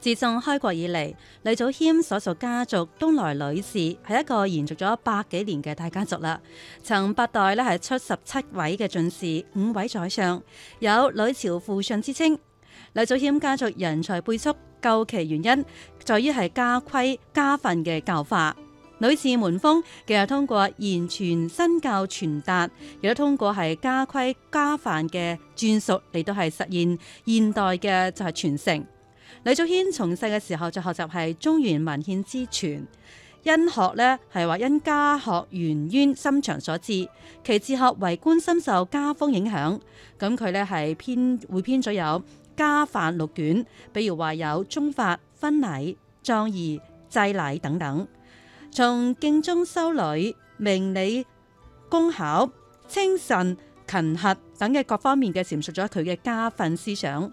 自宋開國以嚟，呂祖謙所屬家族東萊呂氏係一個延續咗百幾年嘅大家族啦。曾八代呢係出十七位嘅進士，五位宰相，有呂朝富相之稱。呂祖謙家族人才輩出，究其原因，在於係家規家訓嘅教化。呂氏門風既係通過言傳身教傳達，亦都通過係家規家訓嘅轉述嚟到係實現現代嘅就係傳承。呂祖謙從細嘅時候就學習係中原文獻之傳，因學呢係話因家學源淵深長所致，其治學為官深受家風影響。咁佢呢係編會編咗有家範六卷，比如話有宗法、婚禮、葬儀、祭禮等等，從敬宗收族、明理、功考、清慎、勤核等嘅各方面嘅闡述咗佢嘅家訓思想。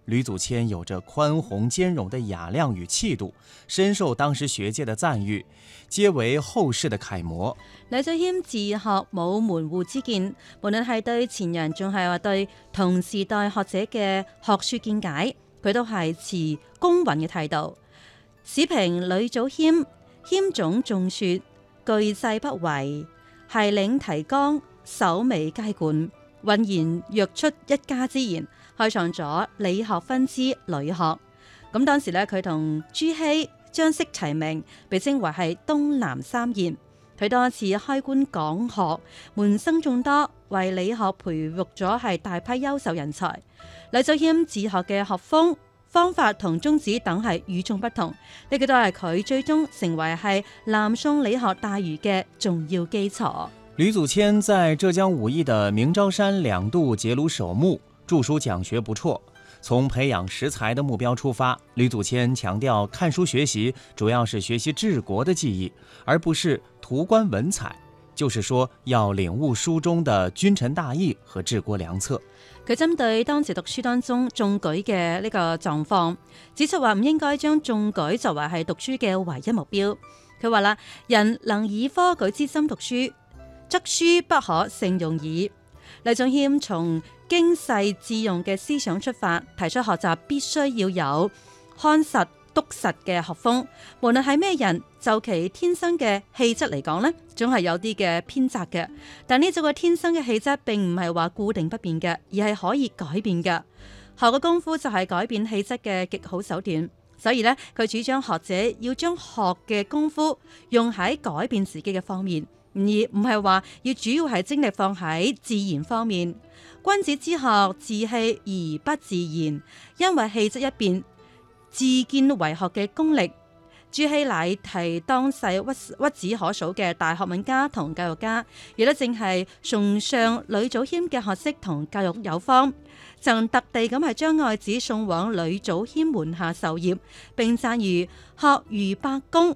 呂祖謙有着寬宏兼容的雅量與氣度，深受當時學界的讚譽，皆為後世的楷模。呂祖謙治學，無門戶之見，無論係對前人，仲係話對同時代學者嘅學說見解，佢都係持公允嘅態度。史評呂祖謙，謙總眾說，巨細不遺，挈領提綱，首尾皆貫，渾然若出一家之言。開創咗理學分支女學，咁當時咧佢同朱熹、張栻齊名，被稱為係東南三賢。佢多次開館講學，門生眾多，為理學培育咗係大批優秀人才。呂祖謙自學嘅學風、方法同宗旨等係與眾不同，呢個都係佢最終成為係南宋理學大儒嘅重要基礎。呂祖謙在浙江武義的明昭山兩度結廬守墓。著書講學不輟，從培養實才的目標出發，呂祖謙強調，看書學習主要是學習治國的技藝，而不是圖觀文采。就是說，要領悟書中的君臣大義和治國良策。佢針對當時讀書當中中，中舉嘅呢個狀況，指出話唔應該將中舉作為係讀書嘅唯一目標。佢話啦，人能以科舉之心讀書，則書不可勝用矣。呂祖謙從經世致用嘅思想出發，提出學習必須要有看實、篤實嘅學風。無論係咩人，就其天生嘅氣質嚟講咧，總係有啲嘅偏窄嘅。但呢種嘅天生嘅氣質，並唔係話固定不變嘅，而係可以改變嘅。學嘅功夫就係改變氣質嘅極好手段。所以咧，佢主張學者要將學嘅功夫用喺改變自己嘅方面。而唔係話要主要係精力放喺自然方面。君子之學，自棄而不自然，因為氣質一變，自見為學嘅功力。朱熹乃提當世屈屈指可數嘅大學問家同教育家，亦都正係崇尚呂祖謙嘅學識同教育有方，曾特地咁係將愛子送往呂祖謙門下授業，並讚譽學如百工。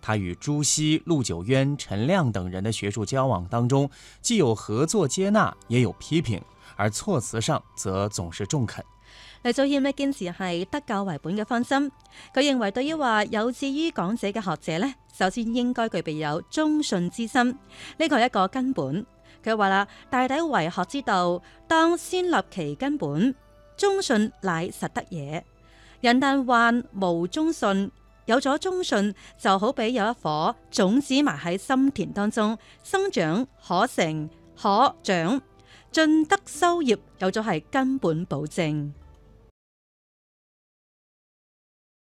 他與朱熹、陸九淵、陳亮等人的學術交往當中，既有合作接納，也有批評，而措辭上則總是中肯。呂祖謙呢堅持係德教為本嘅方針，佢認為對於話有志於講者嘅學者呢，首先應該具備有忠信之心，呢個係一個根本。佢話啦，大抵為學之道，當先立其根本，忠信乃實德也。人但患無忠信。有咗忠信，就好比有一顆種子埋喺心田當中，生長可成可長，進德修業，有咗係根本保證。